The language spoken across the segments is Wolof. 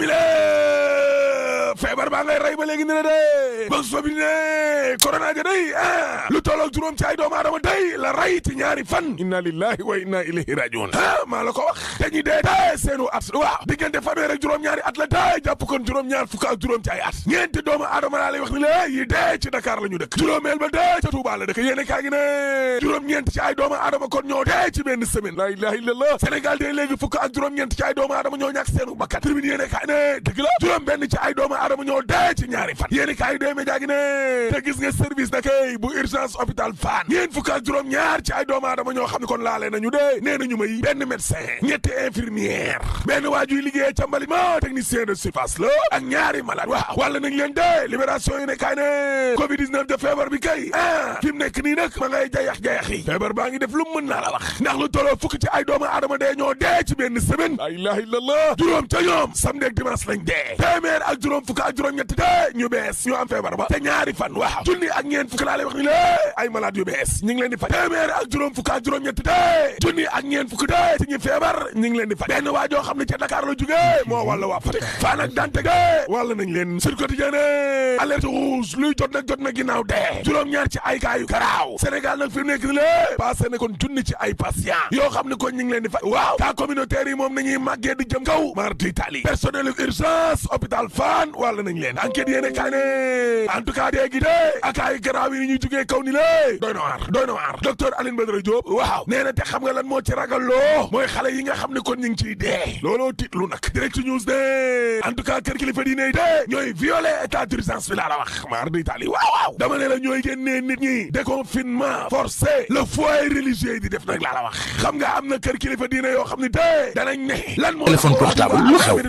simile feebar baa ngay rey ba léegi dee bos fa bi ne corona ah, lu tolloog juróom ci ay doomu aadama day la rey ñaari fan inna lillahi wa inna ilayhi rajiun ah maa la ko wax te la tey jàpp kon juróom-ñaar fukk ak juróom ci ay la yi ci Dakar la ñu dëkk juróomeel ba dee ca Touba la dëkk yéene kaa ngi ne juróom-ñeent ci ay doomu aadama kon ñoo dee ci benn semaine la ilaha illallah Sénégal dee léegi fukk ak juróom-ñeent ci ay doomu aadama ñoo ñàkk seenu bakkan tribune yéene kaa ne juróom benn ci ay doomu ñoo dee ci ñaari fan yéeni kaay yi dee mi jaagi ne te gis nga service da kay bu urgence hôpital Fann ñeen fukk ak juróom ñaar ci ay doomu aadama ñoo xam ne kon laalee nañu dee nee nañu may benn médecin ñetti infirmière benn waajuy liggéey ca mbali ma technicien de surface la ak ñaari malade waaw wàlla nañ leen dee libération yi ne kaay ne covid 19 de feebar bi kay ah, fi mu nii nag ma ngay jayax-jayax yi feebar baa ngi def lu mën naa la wax ndax lu juróom-ñett de ñu bees ñu am feebar ba te ñaari fan waaw junni ak ñeent fukk wax ni lé ay malade yu bees ñu leen di faj téeméer ak juróom fukk juróom-ñett de junni ak ñeent fukk ci ñu feebar ñu leen di faj benn waa joo xam ne ca Dakar la jógee moo wàlla waa fan ak dante de wàlla nañ leen sur quotidien alerte luy jot nag jot na ginnaaw de juróom-ñaar ci ay kaayu garaaw Sénégal nag fi nekk ni lé passé na kon junni ci ay patient yoo xam jàppale nañ leen enquête yéene kaay ne en tout cas dee gi de ni ñuy jugee kaw ni doy na waar doy na waar docteur Aline Badara Diop waaw nee te xam nga lan moo ci ragal loo mooy xale yi nga xam ne kon ñu ngi ciy dee looloo tiitlu nag direct news de en tout cas kër kilifa diine de ñooy violé état d'urgence bi laa la wax maar di taali waaw waaw dama ne la ñooy génnee nit ñi déconfinement forcé le foyer religieux di def nag laa la wax xam nga am na kër yoo xam ne de danañ ne lan moo téléphone portable lu xew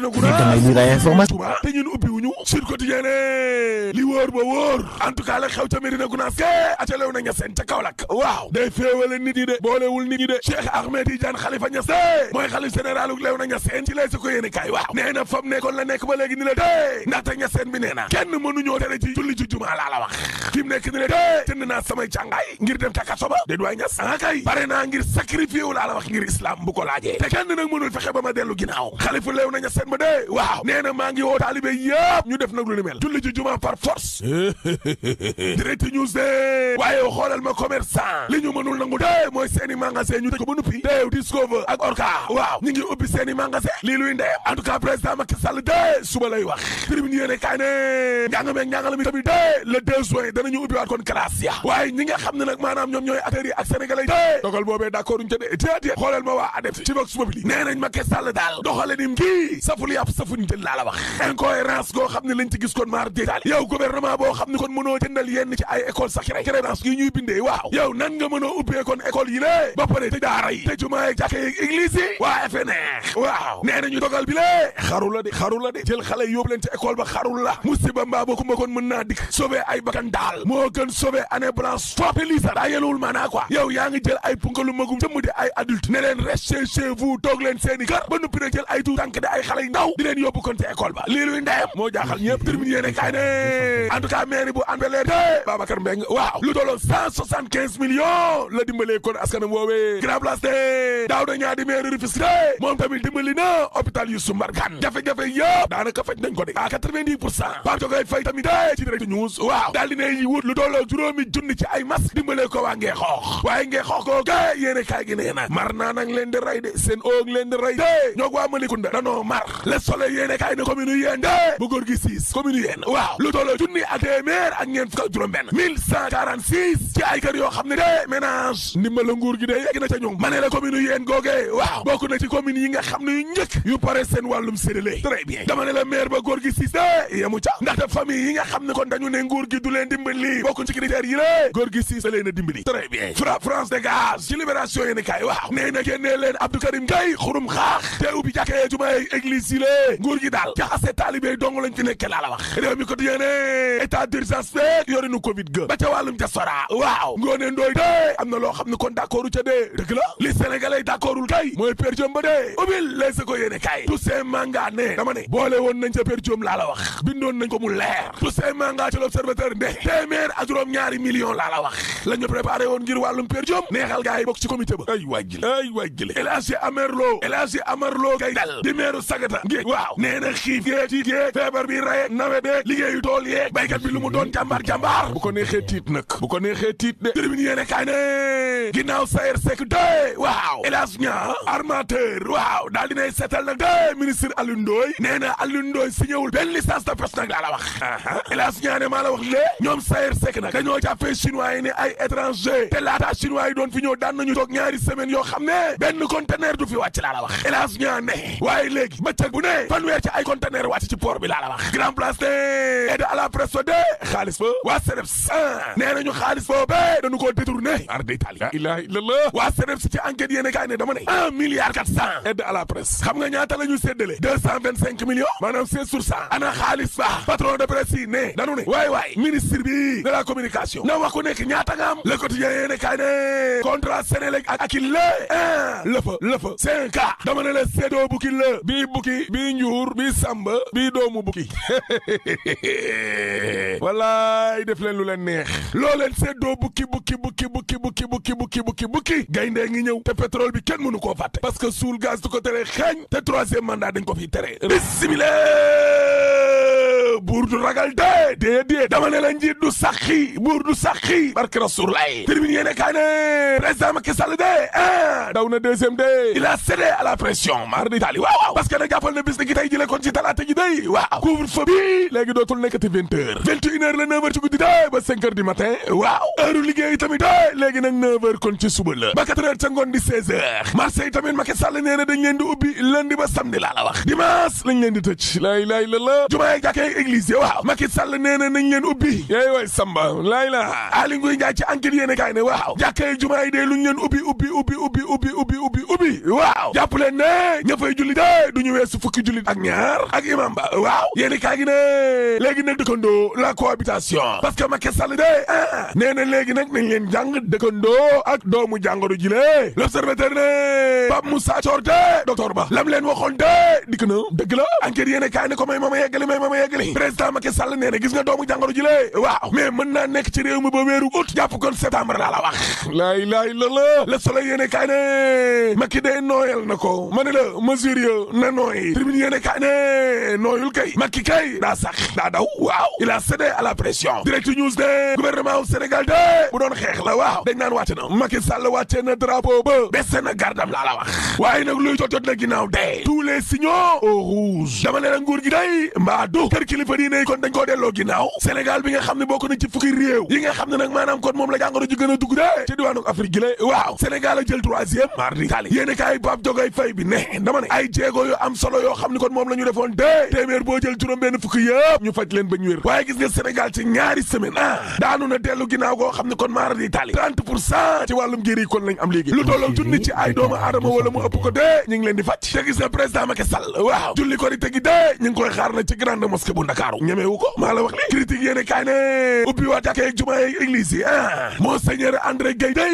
Sud Quotidien ne li wóor ba wóor en tout cas la xew ca Médina Gounass ke atalew na Niassène ca Kaolack waaw day féewale nit ñi de boolewul nit ñi de Cheikh Ahmed Tidiane Khalifa Niass mooy xalif général lew na Niassène ci lay si ko yéene waaw nee na fam nekkoon la nekk ba léegi ni la dee ndaxte Niassène bi nee kenn mënuñoo tere ci julli ci jumaa laa la wax fi mu nekk ni la dee jënd naa samay càngaay ngir dem ca kaso ba déet waay Niass ah kay bare na ñu def nag lu ni mel julli ji juma par force direct news de waaye xoolal ma commerçant li ñu mënul nangu de mooy seeni magasin ñu tëj ko ba nuppi deew Discover ak Orca waaw ñu ngi ubbi seeni magasin lii luy ndee en tout cas président Macky Sall de suba lay wax tribune yéene kaay ne njàng meeg tamit de le deux juin danañu ubbi waat kon classe ya waaye ñi nga xam nag maanaam ñoom ñooy acteurs yi ak sénégalais yi dogal boobee d'accord uñu ca laa la wax xam ne lañ ci gis kon maar détaali yow gouvernement boo xam ne kon mënoo jëndal yenn ci ay école de jël xale yóbbu leen ci école ba xarul la musiba mbaa ba kon mën naa dikk sauver ay bakkan daal moo gën sauver année blanche foopi lii sax daa yeluwul maanaa quoi yow yaa ngi jël ay punkalu magum jëmm di ay adulte ne leen restez chez seeni kër ba nuppi na jël ay tuut tànk de ay xale yu ndaw di leen yóbbu kon ci école ba lii luy moo jaax jaaxal ñëpp termine yéene kaay ne en tout cas mairie bu Hann Bel-Air de Babacar Mbengue waaw lu tolloon cent soixante quinze millions la dimbalee kon askanam woowee Grand Place de daaw da ñaa di mairie Rufisque de moom tamit dimbali na hôpital Youssou Mbargane jafe-jafe yëpp daanaka faj nañ ko de à quatre-vingt-dix pour cent Pape tamit de ci direct news waaw daal dina yi wut lu tolloo juróomi junni ci ay masque dimbalee ko waa ngee xoox waaye ngee xoox ko le soleil six communes yéen waaw lu tolloo junni ak téeméer ak ñeent fukk ak juróom benn ci ay kër yoo xam ne de ménage ndimbala nguur gi de yegg na ca ñun ma ne la commune yéen googee waaw bokk na ci commune yi nga xam ne yu njëkk yu pare seen wàllum séddale très bien dama ne la maire ba góor gi siis de yemu ca ndaxte famille yi nga xam ne kon dañu ne nguur gi du leen dimbali bokk ci critères yi lée góor gi siis da leen a dimbali très bien fra France dégage ci libération yéen kaay waaw nee na génnee leen Abdou Karim Gueye xurum xaax te ubbi nekke laa la wax réew mi ko yéene état d'urgence feeg yorinu covid ga ba ca wàllum diaspora waaw ngoone ndooy dee am na loo xam ne kon d'accordu ca dee dëgg la li sénégalais d'accordul kay mooy Père Diome ba dee ubil lay sa ko yéene kay Toussaint Manga ne dama ne boole woon nañ ca Père laa la wax bindoon nañ ko mu leer Toussaint Manga ci l'observateur ne téeméer ak juróom ñaari million laa la wax la préparé woon ngir wàllum Père neexal gaa bokk ci di reye nawe beeg liggéeyu tool yeeg béykat bi lu mu doon jàmbaar jàmbaar bu ko neexee tiit nag bu ko neexee tiit de tribune yéene kaay ne ginnaaw sayer sek de waaw hélas ña armateur waaw daal dinay seetal nag de ministre Alioune Ndoye nee na Alioune Ndoye si ñëwul benn licence de pêche nag laa la wax hélas ñaa ne maa la wax lée ñoom sayer sek nag dañoo jàppee chinois yi ne ay étranger te laata chinois doon fi ñëw daan nañu toog ñaari semaine yoo xam ne benn conteneur du fi wàcc laa la wax hélas ñaa ne waaye baax grand place de aide à la presse de xaalis ba waa CDEPS ah, nee nañu xaalis boobee dañu koo détourné ar d'Italie la ilaha illallah waa CDEPS ci enquête yéene kaay ne dama ne un milliard quatre cent aide à la presse xam nga ñaata la ñu séddale deux cent vingt cinq millions maanaam seize sur cent ana xaalis baax patron de presse yi ne danu ne waay waay ministre bi de la communication na wax ku nekk ñaata nga am le quotidien yéene kaay ne contrat Sénélec ak akil la ah lëfa lëfa cinq dama ne la séddoo bukki la bii walaay def leen lu leen neex loo leen seddoo bukki bukki bukki bukki bukki bukki bukki bukki bukki gayndee ngi ñëw te pétrole bi ken kenn nu koo fàtte parce que suul gaz du ko tere xeeñ te troisième mandat dañ ko fi tere bismillah buur du ragal de dée dée dama leen la njiit du saxi buur du saxi barke rasul lay termine yéene kaa ne président Macky Sall de daw na deuxième de il a cédé à la pression mar di taali waaw waaw parce na jàppal na bis ni ki tey kon ji day couvre-feu bi léegi dootul nekkati vingt heures vingt et une heures la neuf heures ci guddi de ba cinq heures matin waaw heure liggéey tamit de léegi nag neuf kon ci suba la ba quatre ca ngoon di seize heures yi tamit Macky Sall nee dañ leen di ubbi lundi ba samedi laa la wax dimanche lañ leen di tëj laay laay la la jumaay jàkkee église waaw Macky Sall nee na leen ubbi yéy waay samba laay la Aly Ngouille ci enquête yéene kaay ne waaw jàkkee jumaay dee luñ leen yéen i kaay gi ne léegi nag la cohabitation parce que Macky Sall de ah na léegi nag nañ leen jàng dëkkandoo ak doomu jàngoro ji le l'observateur ne Pape Moussa Thior de docteur Ba lam leen waxoon de dikk na dëgg la enquête yéen i kaay ne ko may ma ma yeggali may ma ma yeggali président Macky Sall nee na gis nga doomu jàngoro ji le waaw mën naa nekk ci réew mi ma weeru août i de nooyal na ko ma la mesure yo na nooy tribune yéen i nooyul kay Macky ki kay daa sax daa daw waaw il a cédé à la pression direct news de gouvernement Sénégal de bu doon xeex la waaw dañ naan wàcce na Macky Sall wàcce na drapeau ba bese na gardam laa la wax waaye nag luy jot jot na ginnaaw de tous les signaux au rouge dama ne la nguur gi day mbaa du kër kilifa diine kon dañ koo delloo ginnaaw Sénégal bi nga xam ne bokk na ci fukki réew yi nga xam ne nag maanaam kon moom la jàngoro ji gën a dugg de ci diwaanu Afrique gi la waaw Sénégal a de juróom-benn fukk yëpp ñu faj leen ba wér waaye gis nga Sénégal ci ñaari semaine ah dellu ginnaaw goo xam ne kon maara di taali 30 pour ci wàllum géri kon lañ am léegi lu tolloo junni ci ay doomu aadama wala mu ëpp ko dee ñu leen di faj te gis nga président Macky Sall waaw julli ko di tegi dee ñu ngi koy xaar na ci grande mosquée bu Ndakaaru ñemeewu ko maa la wax li critique yéene kaay ne ubbi waa jàkkee ak jumaa yi ah monseigneur André Gueye day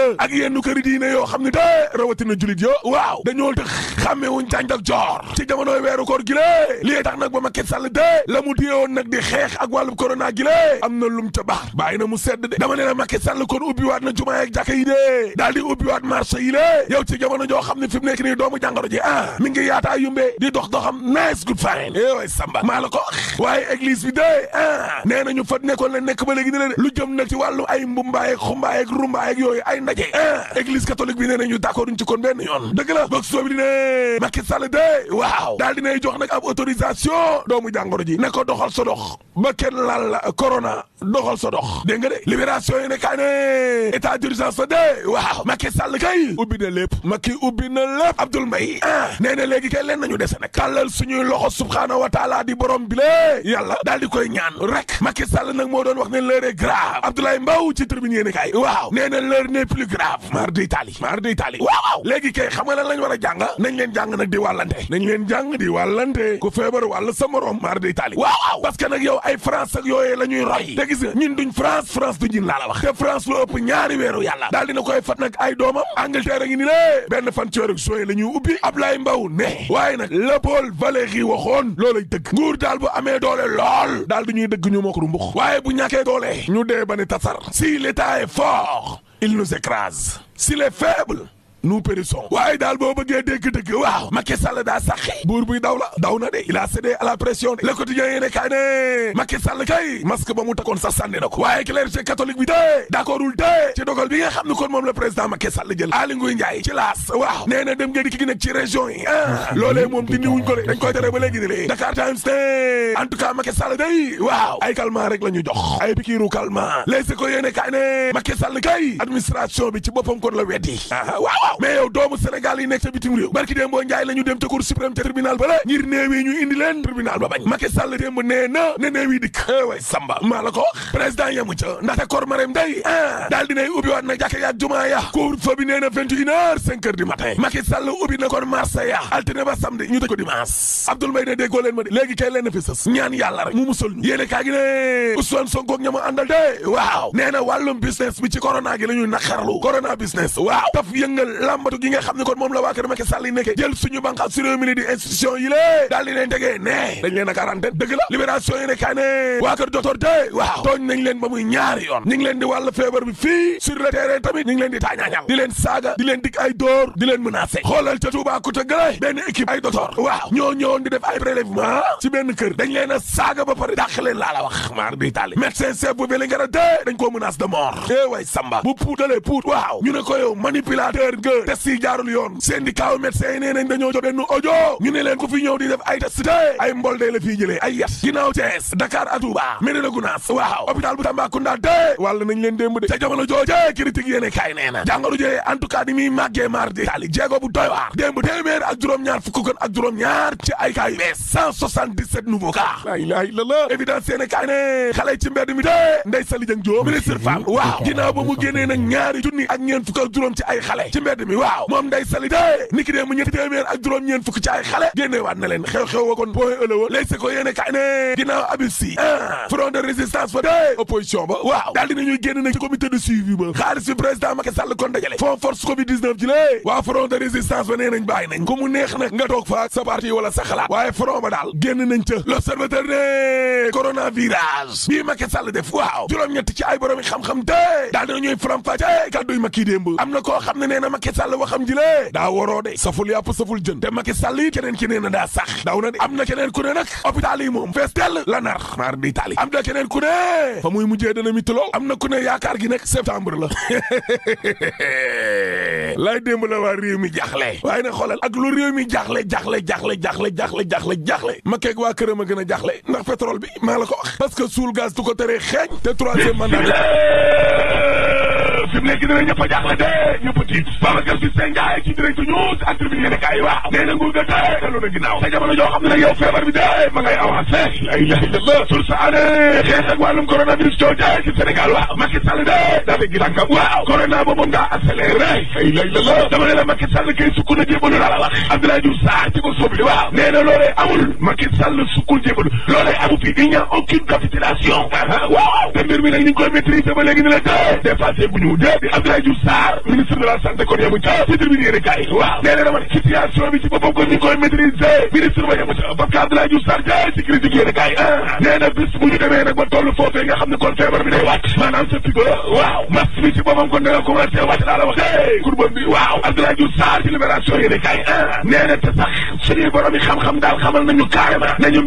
la ak yenn këri diine yoo xam ne te rawatina julit yo waaw dañoo te xàmmewuñ cànc ak joor ci jamonoy weeru koor gi lée lii tax nag ba Macky Sall de la mu diyewoon nag di xeex ak wàllu corona gi lée am na lum ca baax bàyyi na mu sedd de dama ne la Macky Sall kon ubbiwaat na jumaa ak jàkka yi de daal di ubbiwaat marché yi lée yow ci jamono joo xam ne fi mu nekk nii doomu jàngoro ji ah mi ngi yaataa yumbee di dox doxam nice good fine eh maa la ko waaye église bi de ah nee ba léegi ne la lu jëm nag ci wàllu ndaje église catholique bi nee nañu d'accord ñu ci kon benn yoon dëgg la box bi dine Macky Sall de waaw daal dinay jox nag ab autorisation doomu jàngoro ji ne ko doxal sa dox ba kenn laal la corona doxal sa dox dégg nga de libération yi ne ne état d'urgence la de waaw Macky Sall kay ubbi na lépp Macky ubbi na lépp Abdoul Mbaye ah na léegi kay leen nañu dese nag tàllal suñuy loxo subhaanahu wa di borom bi lée yàlla daal di koy ñaan rek Macky Sall moo doon wax ne l'heure est grave Abdoulaye plus grave mar d' itali mar d' itali waaw waaw léegi kay xam nga war a jàng nañ leen jàng nag di wàllante nañ leen jàng di wàllante ku feebar wàll sa morom mar d' itali waaw waaw parce que nag yow ay france ak yooyee la ñuy roy te gis nga ñun duñ france france du ñin laa la wax te france lu ëpp ñaari weeru yàlla daal dina koy fat nag ay doomam angleterre ngi ni lée benn fan ci weeru juin la ñuy ubbi Ablaye ne waaye nag Léopold Valéry waxoon loolay dëgg nguur daal bu amee doole lool daal du ñuy dëgg il nous écrase. S'il les faible, nous périssons waaye daal boo bëggee dégg dëgg waaw Macky Sall daa saxi buur buy daw la daw na de il a cédé à la pression de le quotidien yéene kaay ne Macky Sall kay masque ba mu takkoon sax sànni na ko waaye clergé catholique bi dee d'accordul dee ci dogal bi nga xam ne kon moom le président Macky Sall jël Aly Ngouille Ndiaye ci laas waaw nee na dem nga dikk gi nekk ci région yi ah, ah, ah, ah. moom dindi ko de dañ koy tere ba léegi ni lee Dakar Times ne en tout rek la ñu jox ay pikiiru calmant les écoles yéene kaay ne Macky Sall kay bi ci boppam kon la weddi waaw waaw mais yow doomu Sénégal yi nekk ca bitim réew barki démb Njaay la ñu dem ca cour suprême ca tribunal ba la ngir ñu indi leen ba bañ Macky Sall démb nee na ne néew yi eh way samba maa la ko wax président ca ndaxte kor marem day ah daal dinay ubbi na jàkka jumaa ya couvre-feu bi nee na vingt et une heures cinq heures du matin na kon marché ya altine ñu tëj ko dimanche Abdoul Mbaye ne déggoo leen ma di léegi kay leen na fi ñaan yàlla mu làmbatu gi nga xam ne kon moom la waa kër Macky Sall yi nekkee jël suñu banqaas su réew mi di institution yi lée daal di leen tegee nee dañ leen a quarantaine dëgg la libération yi nekkaa ne waa kër docteur de waaw tooñ nañ leen ba muy ñaari yoon ñu leen di wàll feebar bi fii sur tamit ñu leen di taañaañal di leen saaga di leen dig ay dóor di leen menacé xoolal ca Touba Kouta gële benn équipe ay docteur waaw ñoo ñëwoon di def ay prélèvement ci que test yi jaarul yoon syndicat wu médecins yi nee nañ dañoo jot benn audio ñu ne leen ku fi ñëw di def ay test te ay mbol dee la fii jëlee ay yat ginnaaw Thiès Dakar ak Touba Médina Gounass waaw hôpital bu Tambacounda de wàll nañ leen démb de ca jamono jooje critique yéene kaay nee na jàngoro jee en tout muy màggee mardi taali jéego bu doy waar démb ak juróom-ñaar ci ay kaay bees 177 nouveaux cas la ilaha illallah évidence yéene kaay ne xale ci mbedd mi waaw moom nday sali té ni ki dee ñetti téeméer ak juróom-ñeen fukk ci xale génne waat na xew-xew wa kon point ëllëwoon e léeg si ko yéene kaay ne ginnaaw abib si ah front de résistance ba dé opposition ba waaw daal dinañuy génn nag ci comité de suivi ba xaalis bi président Macky Sall kon dajale fond force covid 19 ji waa front de résistance ba nee nañ bàyyi nañ mu neex nag nga toog fa sa parti wala sa xalaat waaye front ba daal génn Macky Sall waxam ji lee daa waroo de saful yàpp saful jën te Macky Sall yi keneen ki na daa sax daw na de am na keneen ku ne nag hôpital yi fees dell la nar maar di tali am na keneen ku ne fa muy mujjee dana mi talool am na ku ne yaakaar gi nag septembre la lay démb la waa réew mi jaaxle waaye nag xoolal ak lu réew mi jaaxle jaaxle jaaxle jaaxle jaaxle jaaxle jaaxle Macky ak waa këram a gën a jaaxle ndax pétrole bi maa la ko wax parce que suul gaz du ko tere fi mu nekk dina ñëpp a jaaxle de ñëpp a tiit Babacar Justin Ndiaye ci direct news ak tribune yéene kaay waaw nee na nguur ga tey dellu na ginnaaw te jamono joo xam ne nag yow feebar bi de ma ngay avancé la ilaha illallah sur sa ane xeex ak wàllum coronavirus coo jaay ci Sénégal waaw Macky Sall de daa dégg tànkam waaw corona boobam daa accéléré la ilaha illallah dama ne la Macky Sall kay sukk na jébalu laa la wax Abdoulaye Diouf Sarr ci ko sobli waaw nee na loolee amul Macky Sall sukkul jébalu loolee amu fi il n'y a aucune capitulation uh-huh. waaw te mbir mi nag ñu ngi koy maîtriser ba léegi ni la te dépassé guñu mu jë di Abdoulaye Diouf Sarr ministre de la santé kon yemu ca ci tribune yéene kaay waaw nee na dama ne situation ci boppam kon ñu koy maîtriser ministre ba yemu ca parce que Abdoulaye ja ci critique yéene kaay ah nee na bis bu ñu demee nag ba toll foofee nga xam ne kon feebar bi day wàcc maanaam sa pigo waaw mas bi ci boppam kon danga commencé wàcc laa la wax kurbam bi waaw Abdoulaye Diouf Sarr ci libération yéene kaay ah nee na te sax suñuy borom yi xam-xam daal xamal nañu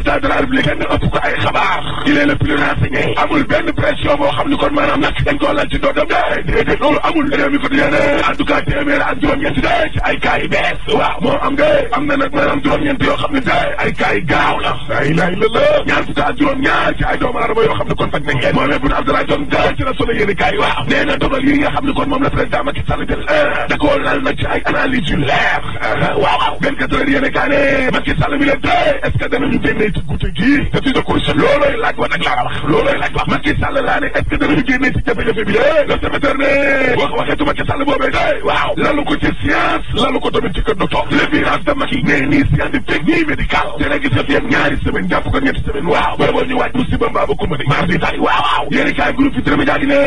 président de la république ne ëpp ko ay xabaar il est le plus renseigné amul benn pression boo xam ni kon maanaam nag dañ koo laaj ci doodam de déedéet loolu amul réew mi ko di yéene en tout cas téeméer ak juróom-ñeent de ci ay cas yi bees waaw moo am de am na nag maanaam juróom-ñeent yoo xam ne de ay cas yi gaaw la ay laay la la ñaar fukk ak juróom-ñaar ci ay doomu aadama yoo xam ne kon faj nañ leen Mohamed Boun Abdallah Dionne de ci la solo yéene kaay waaw nee na dogal yi nga xam ne kon moom la président Macky Sall jël eh, da koo laal nag ci ay analyse yu leer eh, waaw waaw vingt-quatre heures yéene kaay ne Macky Sall mi la de est-ce que danañu génne xeeti guddi gii te tuddee ko chef loolooy laaj wa nag laa la wax loolooy laaj wax Macky Sall laa ne est-ce que danañu génne ci jafe-jafe bi de le secrétaire ne wax waxeetu Macky Sall boobee day waaw lalu ko ci science lalu ko tamit ci kër docteur le virage de Macky nee nii scientifique nii médical te nag gis nga fi ak ñaari semaine jàpp ko ñetti semaine waaw booy boo ñu waaj musiba mbaa ba kumba ni mardi tali waaw waaw yéen kaay groupe fi dërëmi jaagi ne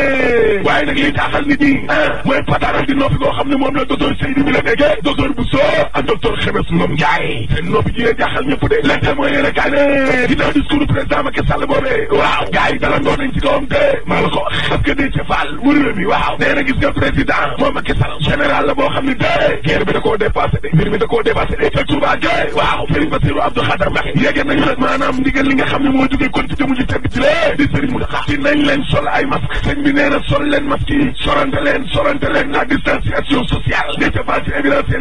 waaye nag liy taaxal nit ñi ah mooy pataaral di noppi koo xam ne moom la docteur Seydi bi la nekkee docteur Bousso ak docteur Xemes Ngom Ndiaye seen noppi ji la jaaxal ñëpp de ne ginnaaw discours président Macky Sall boobee waaw gars yi dalandoo nañ ci kawam la ko xam nga Déthié Fall wurula waaw nee gis nga président moom Macky Sall général la boo xam ne de guerre bi da koo dépassé de mbir mi da koo dépassé de te Touba Gueye waaw Serigne Bassirou Abdou Khadre Mbacké yéegee nañu nag maanaam ndigal li nga xam ne moo jógee kon ci jëmu ji tedd ci lee di Serigne Mountakha di nañ leen sol ay masque sëñ bi nee na sol leen masque yi sorante leen sorante leen la distanciation sociale Déthié Fall ci évidence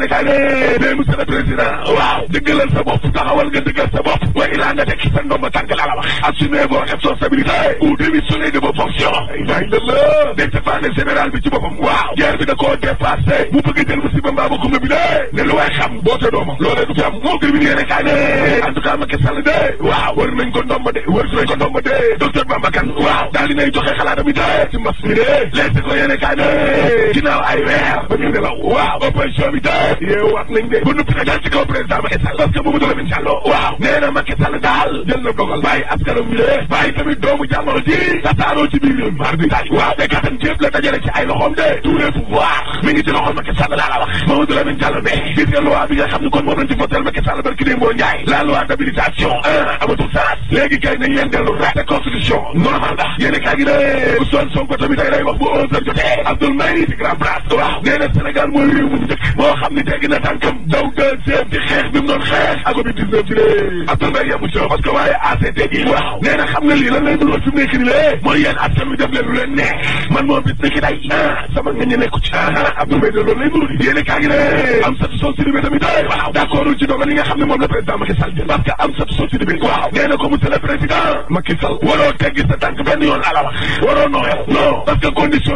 laa nga teg sa ndomba tànk laa la wax assumer vos responsabilités ou démissionner de vos fonctions ilaay la la décéphane général bi ci boppam waaw guerre bi da koo dépassé bu bëgg jël musiba ba kumba bi de ne lu waay xam boo te dooma loolee du fi am moo gërëm yéene kaay ne en tout cas Macky Sall de waaw war nañ ko ndomba de war nañ ko ndomba de docteur Bamba Kane waaw daal dinay joxe xalaatam yi de ci mbas mi de lees ko ay weer ba ñu de yeewaat nañ Sall daal jël na dogal bàyyi askanam wi lee bàyyi tamit doomu jàngoro ji tasaaroo ci biir réew mar bi daaj waaw te kattan jépp la dajale ci ay loxoom de tout le pouvoir mi ngi ci loxoom Macky Sall laa la wax Mamadou Lamine Diallo be gis nga loi bi nga xam ne kon moom lañ ci votel Macky Sall barki dee moo njaay la loi d'habilitation a amatul saas léegi kay nañ leen dellu rek te constitution normal la yéene kaa gi ne Ousmane Sonko tamit day day wax bu onze heures jotee Abdoul Mbaye ci Grand Place waaw nee na Sénégal mooy réew mu njëkk moo xam ne teggi na tànkam daw deuxième ci xeex bi mu doon xeex ak bi dix-neuf ci yamu ci parce que waaye ACT bi waaw nee na xam nga lii lan lay dugal fi mu nekk ni lé mooy yéen askan wi def leen lu leen neex man moom bis ki day sama nga ñu nekku ci ah ah Abdou Mbaye de loolu lay nuru di yéene kaa ngi ne am sat soo sidibé tamit eh waaw d'accord ci dogal yi xam ne moom la président Macky Sall jël parce que am sat soo sidibé waaw nee ko monsieur le président Macky Sall waroo teggi sa tànk benn yoon ala waroo nooyal non parce que condition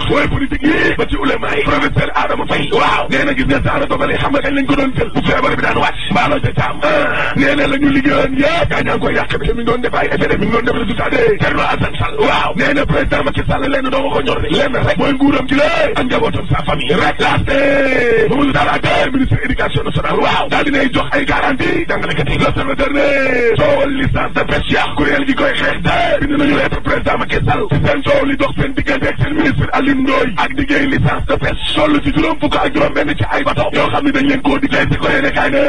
waaye politique yi ba ci ulema yi professeur a Faye waaw nee na gis nga saara dogale xam nga kañ lañ ko doon jël bu feebar bi daan wàcc mbaaloo ca caam ah. nee na la ñu liggéeyoon yëpp gaa ñaa ngi koy yàq bi te mi ngi doon def ay effet mi ngi doon def résultat de Thierno Alassane Sall waaw nee na président Macky Sall lenn doo ko ñor de rek mooy nguuram ci lay ak njabootam sa famille rek laaste Mamadou Talla Diagne ministre éducation nationale daal dinay jox ay garantie jàngalekat yi ne Alioune Ndoye ak di géey licence de pêche toll ci juróom fukk ak juróom benn ci ay bato yoo xam ne dañ leen koo dig leen si ko yéene kaay ne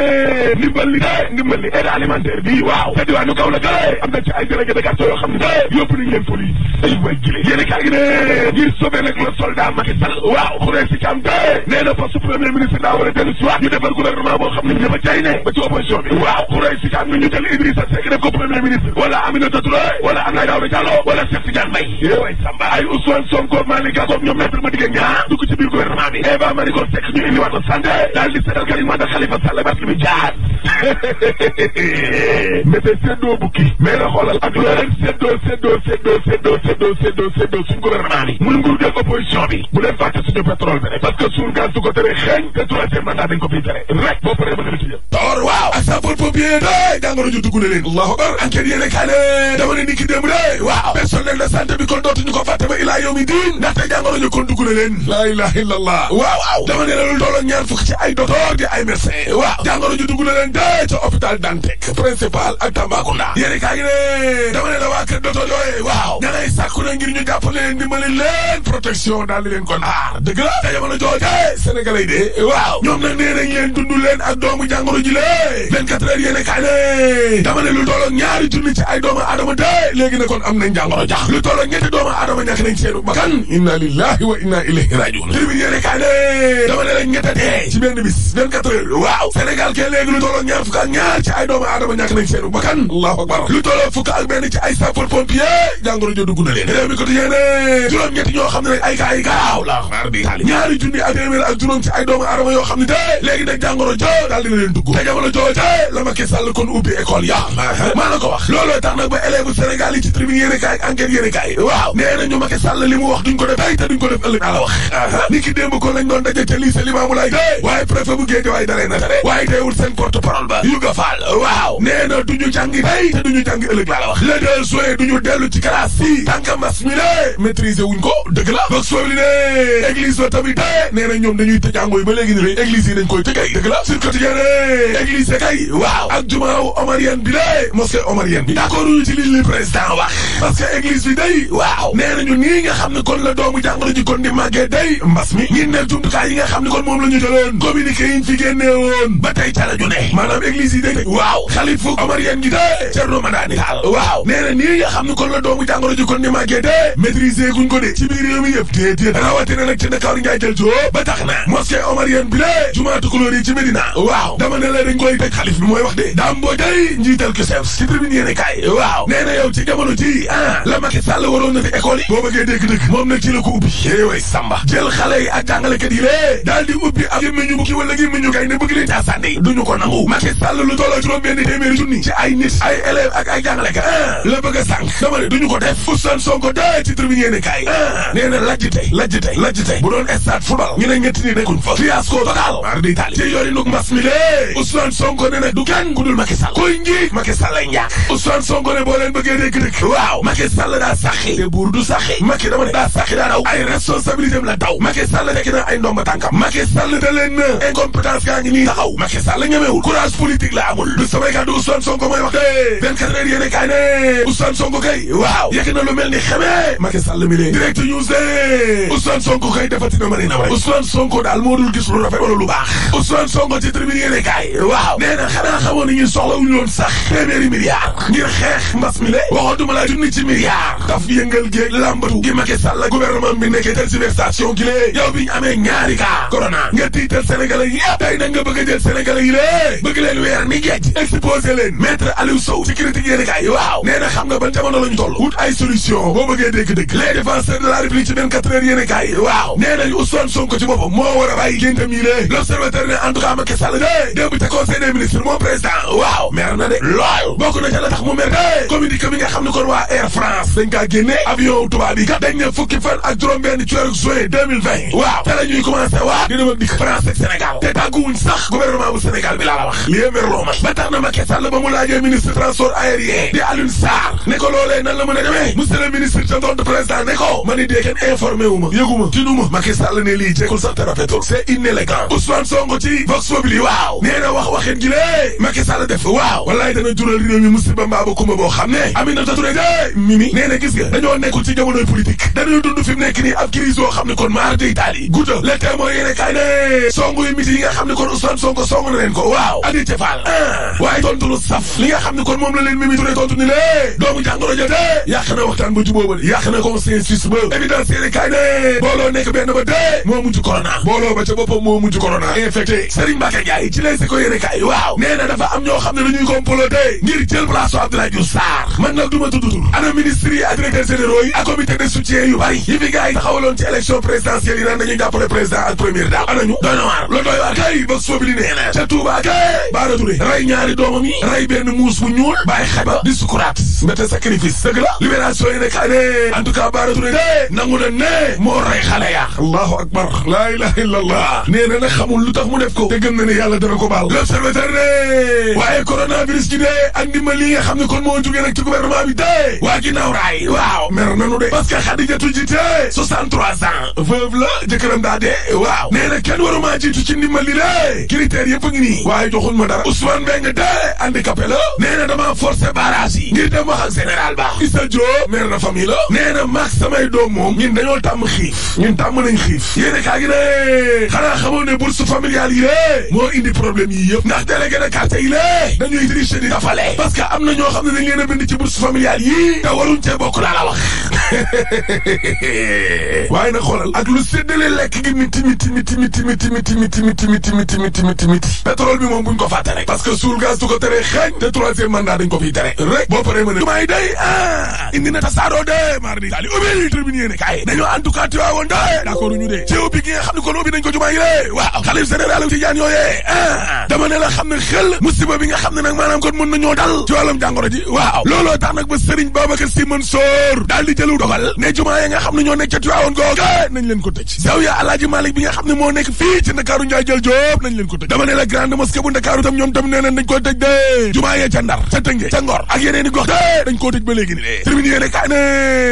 ndimbal li de ndimbal li aide alimentaire bi waaw te diwaanu kaw la kay am na ci ay délégué de quartier yoo xam ne de yóbbu nañ leen police ay way jile yéene kaay gi ne ngir sauver nag le soldat Macky Sall waaw xuree si cam te nee na poste premier ministre daa war a dellu si waat ñu defar gouvernement boo xam ne ñëpp a cay ne ba ci opposition bi waaw xuree si cam ne ñu jël Idrissa Seck def ko premier ministre wala Aminata Touré wala Abdoulaye Daouda Diallo wala Cheikh Tidiane Mbaye yéeway Samba ay Ousmane Sonko Malick Gakou Diop ñoom maître Madické Niang dugg ci biir gouvernement bi Eva Marie Coll Seck ñu indiwaat ko santé daal di seetal Karim Wade Khalifa Sall Barthélémy Dias mais seddoo bukki mais la xoolal ak loo leen seddoo seddoo seddoo seddoo seddoo seddoo seddoo suñu gouvernement bi muy nguur def opposition bi bu leen fàtte suñu pétrole bi rek parce ko tere xeeñ te troisième mandat dañ ko fiy tere rek boo paree ba nga ci jël door waaw ak sapeur pompier day jàngoro ju dugg leen allahu akbar enquête yéene dama ne la lu dool ak ñaar fukk ci ay docteur di ay médecin la waa kër docteur yooye waaw ña ngay sàkku na ngir ñu jàppale leen dimbali leen protection daal di leen kon aar dëgg la te jamono jooje sénégalais yi de waaw ñoom nag nee nañ leen dund leen ak doomu jàngoro ji lee 24 heures yéene kaa ne dama ne lu dool ñaari junni ci ay doomu adama de léegi na kon am nañ jàngoro jax lu toll ñetti doomu aadama ñàkk nañ seenu bakkan inna lillahi wa inna ilayhi rajiun tribune yéene kaa ne dama ne la ñettatee ci benn bis vingt quatre heures waaw Sénégal kee léegi lu toll ñaar fukk ak ñaar ci ay doomu aadama ñàkk lu toll fukk ak benn ci ay sapeur pompier jàngoro jo dugg na leen réew mi ko tijee xam ne ay kaa yi gaaw ñaari junni ak téeméer ak juróom ci ay doomu aadama yoo xam ne te léegi nag jàngoro jo daal dina leen dugg te jamono joo enquête yéen kaay waaw nee na ñu Macky Sall li mu wax duñ ko def ay te duñ ko def ëllëg naa la wax ni ki démb ko lañ doon daje ca lycée Limamou Laye de waaye préfet bu géej dalee na tare waaye teewul seen porte parole ba yu nga faal waaw nee na duñu jàngi tey te duñu jàngi ëllëg naa la wax le deux duñu dellu ci classe yi tànka mas mi ne maîtriser wuñ ko dëgg la bos soob li ba tamit de nee ñoom dañuy tëj yi ba léegi ni lay église yi dañ koy bi de mosquée omarienne bi analyse bi day waaw nee nañu nii nga xam ne kon la doomu jàngoro ji kon di màggee day mbas mi ñi ne jumtukaay yi nga xam ne kon moom la jëloon communiqué yi ñu fi génnee woon ba tey ca la yi day waaw xalit fu Omar yéen gi dee Cerno nga xam ne kon la doomu jàngoro ji kon di màggee dee maîtriser guñ ko de ci biir réew mi yëpp déedéet rawatina nag ci Ndakaaru njaay jël joo ba tax na mosquée Omar yéen bi dee jumaa tukulóor yi ci Medina waaw dama la dañ ko Macky Sall waroon na fi école boo bëggee dégg dëgg moom nag ci la ko ubbi yéeway samba jël xale yi ak jàngalekat yi lée daal di ubbi ak gémmiñu bukki wala gémmiñu kay ne bëgg leen daa sànni duñu ko nangu Macky Sall lu tolloo juróom benn téeméeri junni ci ay nit ay élève ak ay jàngalekat ah. la bëgg a sànq dama ne duñu ko def Ousmane Sonko da ci tribune yéene kaay ah. nee na lajj tey lajj bu doon stade football ñu ne ñetti ni nekkuñ fa fiasco total Sall daa saxi te buur du saxi Macky dama ne daa saxi daa daw ay responsabilité am la daw Macky Sall nekk na ay ndomba tànkam Macky Sall da leen na incompétence gaa la amul du samay kàddu Ousmane Sonko mooy wax de vingt-quatre heures yéene kaay ne Ousmane Sonko kay waaw yegg na lu mel ni xamee Macky Sall mi lee direct news de Ousmane Sonko kay defati na mari na way Ousmane Sonko daal moo dul gis lu rafet wala lu baax Ousmane Sonko ci tribune yéene kaay waaw nee na xanaa waar yëngal géeg làmbatu gi Macky Sall gouvernement bi nekkee tergiversation gi lée yow bi ñu amee ñaari cas corona nga tiital sénégalais yëpp tey nag nga bëgg jël sénégalais yi lée bëgg leen weer ni géej exposé leen maître Aliou Sow ci critique yéen waaw nee xam nga ban jamono lañu toll wut ay solution boo bëggee dégg-dégg les défenseurs de la République ci 24 heures yéen kaay waaw nee nañu Ousmane Sonko ci boppam moo war a bàyyi géntam yi lée France dañ kaa génne avion tubaab fukki fan ak juróom-benn ci weeru waaw te la ñuy commencé waa di dem dikk France ak te tàgguwuñ sax gouvernement bu Sénégal bi laa la wax liee mér loo man ba ba mu laajee ministre transport aérien di Alioune Sarr ne ko nan la mën a demee monsieur le ministre ca président ne ko dee kenn informé wu yëguma tinuma Macky Sall ne lii te rafetul c'est inélégant Ousmane Sonko ci Vox nee na gis nga dañoo nekkul ci jamonoy politique dañuy dund fi mu nekk nii ab crise yoo xam ne kon maar day daal yi gudda le témoin yéene kaay ne yu miti yi nga xam ne kon Ousmane Sonko song na leen ko waaw adi cëfaal a ah waaye tontu lu saf li nga xam ne kon moom la leen Mimi Touré tontu ni lée doomu jàngoro ja dee yàq na waxtaan ba jubóobal yàq na consensus ba évidence yéene kaay ne booloo nekk benn ba dee moo mujj corona booloo ba ca boppam moo mujj corona infecté Serigne Mbacké Ndiaye ci les ko yéene kaay am ñoo xam ne dañuy comploté ngir jël place Abdoulaye Diouf Sarr man nag du ministres yi ak directeurs généraux yi ak comité de soutien yu bari yi fi gars yi taxawaloon ci élection présidentielle yi naan nañu jàppale président waar kay ba soobi li nee ca Touba kay Bara Touré rey ñaari doomam yi rey benn muus ñuul bàyyi xeba di mbette sacrifice dëgg la libération yi nekk ane en tout cas Bara Touré de nangu na ne moo rey xale ya allahu akbar laa ilaha illa allah nee na nag xamul lu tax mu def ko te gëm na ne yàlla dana ko baal l'observateur ne waaye coronavirus gi dee ak ndimbal xam ne kon moo jógee nag ci gouvernement bi dee waa ginnaaw raay waaw mer nanu de parce que Xadijatu ji te soixante la jëkkëram daa dee waaw nee na kenn waruma jiitu ci ndimbal li de critères yëpp ngi nii waaye ma dara Ousmane Mbengue de handicapé la wax ak général baax Issa Diop la nee na gi ne xanaa xamoon ne bourse familiale yi lée moo indi yi yëpp ndax délégué de quartier yi lée dañuy na ñoo xam ne dañ leen a bind miti miti miti miti miti miti miti miti miti miti miti miti miti pétrole bi moom buñ ko fàtte rek parce que suul tere xeeñ te troisième mandat dañ ko tere rek boo paree mën Diomaye day ah indi na tasaaroo de mardi daal ah, dama ne la xam ne xel musiba bi nga xam ne nag maanaam kon mën nañoo dal ci jàngoro ji waaw looloo tax nag ba Serigne Babacar Sy Mansour daal di jëlu dogal ne Jumaa nga xam ne nekk ca tiwaa woon googa ah, leen ko tëj zawiya Alaaji Malik bi nga xam ne moo nekk fii ci Ndakaaru Njaay jël Jóob nañ leen ko tëj dama ne la grande mosquée bu Ndakaaru tam ñoom tam nee nañ ko tëj de jumaa ca Ndar ca Tëngéej ca Ngor ak yeneen gox ah, Eh, dañ koo tëj ba léegi nii de tribune yéene kaay ne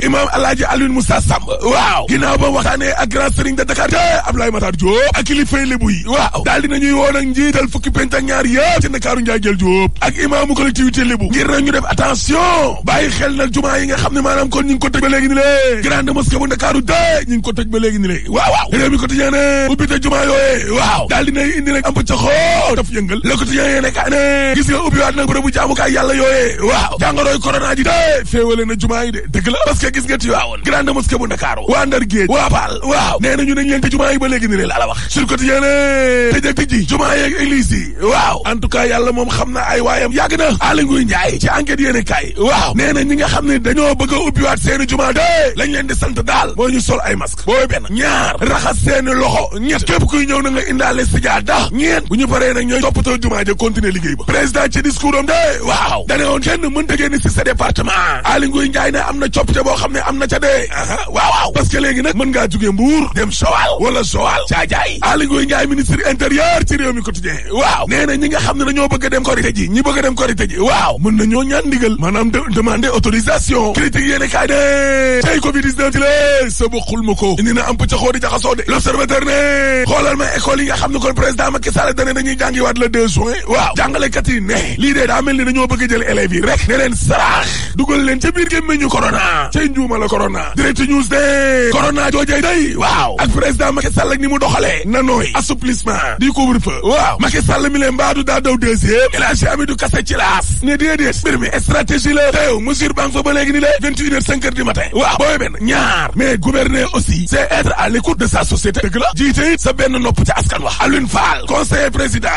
imaam alaaji Alioune Moussa Samb waaw ginnaaw ba waxtaanee ak grand sëriñ de Dakar te eh, Abdoulaye Matar Diop ak kilifay Lebu yi waaw daal dinañuy woon ak njiital fukki pénc ñaar yëpp ci Ndakaaru Ndiaye jël ak imaamu collectivité Lebu ngir na ñu def attention bàyyi xel nag jumaa yi nga xam ne maanaam kon ñu ngi ba léegi ni lé grande mosquée bu Ndakaaru de ñu ngi ba léegi ni lé waaw waaw réew mi quotidien ne corona ji dee eh, féewale na jumaa yi de dëgg la parce gis nga Tiwaawoon grande mosquée bu Ndakaaru waa Ndar géej waa Paal waaw nee nañu nañ leen te jumaa yi ba léegi ni leen ala wax sur quotidien tëj tëj ji jumaa yeeg église waaw en yàlla moom xam na ay waayam yàgg na Aly Ngouille Ndiaye ci enquête yéene waaw nee ñi nga xam ne dañoo bëgg a ubbiwaat seeni jumaa dee lañ leen di sant daal moo ñu sol ay masque booy benn ñaar raxas seeni loxo ñett sa département Aly Ngouille Ndiaye ne am na coppite boo xam ne am na ca dee aa waaw waaw parce que nag mën ngaa jugee Mbour dem Joal wala Joal caajaay Aly Ngouille Ndiaye ministre intérieur ci réew mi quotidien waaw nee na ñi nga xam ne dañoo bëgg a dem korite ji ñi bëgg a dem korite ji waaw mën na ñoo ñaan ndigal maanaam demander autorisation critique yéene kaay de tey covid 19 ci lé sa boqul ma ko indi na am pëcc xoo di jaxasoo de l'observateur ne xoolal ma école yi nga xam ne kon président Macky le 2 yaraax dugal leen ca biir gémmiñu corona cay njuuma la corona direct news de corona joojay day waaw ak président Macky Sall ni mu doxalee na nooy assouplissement di couvre-feu waaw Macky mi leen mbaadu daa daw deuxième El Hadji Amidou ci laas ne déedéet mbir mi stratégie la teew mesure banque fa ba léegi ni la vingt et une heures cinq heures waaw booy benn ñaar mais gouverner aussi c'est être à l'écoute de sa société dëgg la jiite it sa benn nopp ci askan wax Alioune Fall conseiller président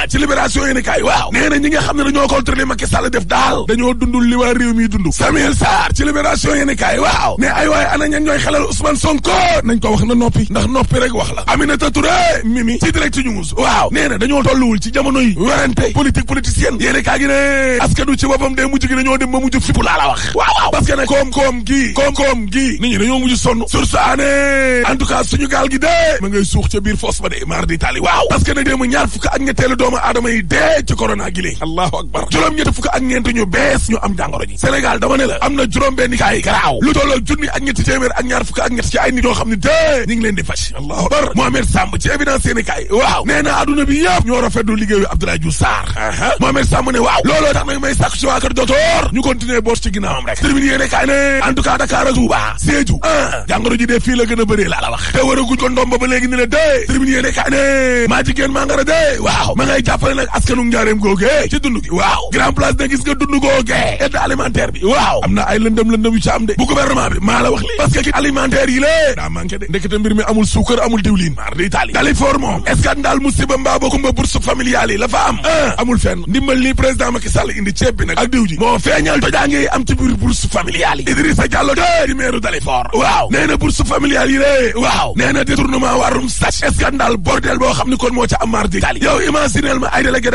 réew mi dund Samuel Sarr ci libération yéen kaay waaw ne ay waaye ana ñan ñooy xelal Ousmane Sonko nañ ko wax na noppi ndax noppi rek wax la Aminata Touré mimi ci direct news waaw nee dañoo tolluwul ci jamono yi werante politique politicienne yéen gi ne askanu ci boppam day mujj gi dañoo dem ba mujj fippu laa la wax waaw waaw parce que koom-koom gi koom-koom gi nit ñi dañoo mujj sonn source aané en tout cas suñu gaal gi dee ma ngay suux ca biir foos ba de mardi tali waaw parce fukk ak ñetteelu ñu bees ñu am jàngoro ji Sénégal dama ne la am na juróom benn kaay garaaw lu tolloo junni ak ñetti téeméer ak ñaar fukk ak ñett ci ay nit yoo xam ne dé ñu ngi leen di faj allahu akbar Mohamed Samb ci évidence Sénégal waaw nee na adduna bi yëpp ñoo rafetlu liggéeyu Abdoulaye Diouf Sarr aa Mohamed Samb ne waaw looloo tax nag may sàkk ci waa kër docteur ñu continuer boos ci ginnaawam rek terminé yéene kaay ne en tout cas Dakar ak Touba ji dee fii la gën a bëree laa la wax war ko ndomba ba léegi ne la dee terminé yéene kaay ne maa jigéen maa ngara dee waaw ma ngay jàppale nag gi nga dund googee aide waaw am na ay lëndëm lëndëm yu ci am de bu gouvernement bi maa la wax lii parce que yi lée daa manqué de ndekete mbir mi amul suukar amul diwlin maar di Italie dali foor moom musiba mbaa bokkumba bourse familiale yi la fa am amul fenn ndimbal nii président Macky Sall indi ceeb bi nag ak diw ji moo feeñal tojaa ngi am ci biir bourse yi Idrissa Diallo de di meeru warum sach scandale bordel boo xam ni kon moo ca am maar di Italie yow imaginel ma ay délégué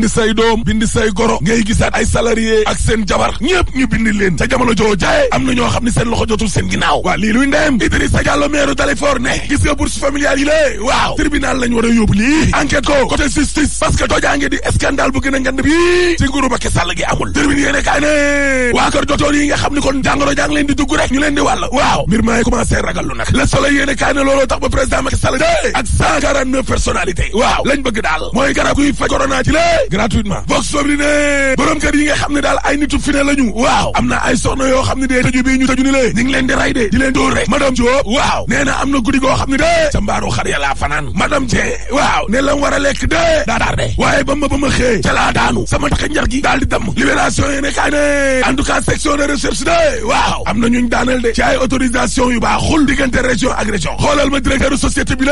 bind say doom bind say goro ngay gisaat ay salarié ak seen jabar ñëpp ñu bind leen ca jamono joo am na ñoo xam ne seen loxo jotul seen ginnaaw waa lii luy ndeem Idrissa Diallo maire Dalifort ne gis nga bourse familiale yi lée waaw tribunal lañ war a yóbbu lii enquête ko côté justice parce que toojaange di scandale bu gën a ngand bi ci nguuru Macky gi amul tribune yéene kaay waa kër docteur yi nga xam ne kon jàngoro leen di dugg rek ñu leen di wàll waaw gratuitement vox sobri ne borom kër yi nga xam ne daal ay nitu fi ne waaw am na ay soxna yoo xam ne dee tëju bii ñu tëju ni lée ñu leen di ray de di leen dóor rek madame Diop waaw nee na am na guddi xam ne dee ca xar yàllaa fanaan madame Dieng waaw ne la war a lekk dee daa de waaye ba ma ba ma xëy ca laa daanu sama taxa njar gi daal di damm libération yi ne kaay ne en section de recherche de waaw am na ñuñ daaneel de ci ay yu baaxul diggante région ak région xoolal ma directeur société bi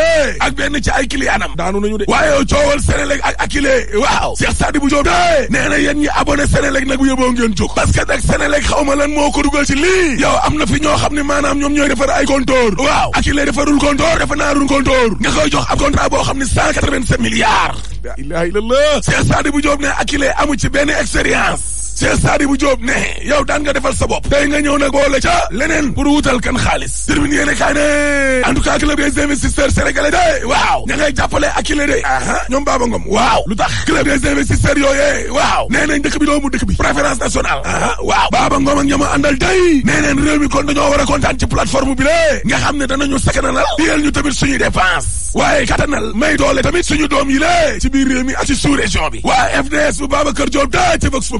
Cheikh Sadibou Diop de nee na yéen ñi abonné Sénélec nag bu yóbboo ngeen jóg parce que nag Sénélec ma lan moo ko dugal ci lii yow am na fi ñoo xam ne maanaam ñoom ñooy defar ay compteur waaw ak i lay defarul compteur dafa naarul nga koy jox ab contrat boo xam ne cent quatre-vingt-sept milliards la ilaha illallah Cheikh Sadibou Diop ne ak i lay amu ci benn expérience Cheikh Sadibou Diop ne yow daan nga defal sa bopp tey nga ñëw nag boole ca leneen pour wutal kan xaalis termine yéene kaay ne club des investisseurs waaw ña ngay jàppale ak de aha ñoom Baba Ngom waaw lu tax club des investisseurs waaw nee dëkk bi doomu dëkk bi préférence nationale aha waaw Baba Ngom ak ñama àndal day nee neen mi kon dañoo war a kontaan ci plateforme bi lée nga xam ne danañu ñu tamit suñuy dépense waaye tamit suñu doom yi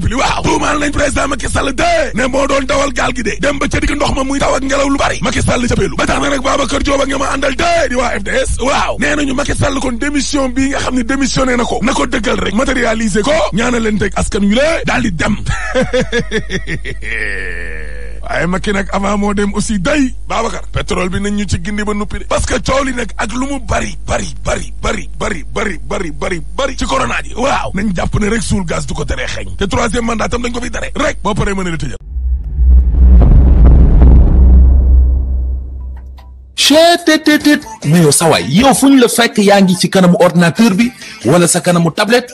bi tuumaal nañ président Macky Sall de ne moo doon dawal gaal gi de dem ba ca digg ndox ma muy taw ak ngelaw lu bari Macky Sall jëppeelu ba tax na nag Babacar Diop ak ña ma àndal de di waa FDS waaw nee nañu Macky Sall démission bii nga xam ne démissionné na ko na ko dëggal rek matérialiser ko ñaanal leen teg askan wi la daal di dem waaye Macky nag avant moo dem aussi day Babacar pétrole bi nañ ñu ci gindi ba nuppi de parce que coow li nag ak lu mu bari bari bari bari bari bari bari bari bari ci corona ji waaw nañ jàpp ne rek suul gaz du ko teree xeeñ te troisième mandat tam dañ ko fiy tere rek boo paree mën a la tëjal cheetetetet mais yow sa waay yow fu ñu la fekk yaa ngi ci kanamu ordinateur bi wala sa kanamu tablette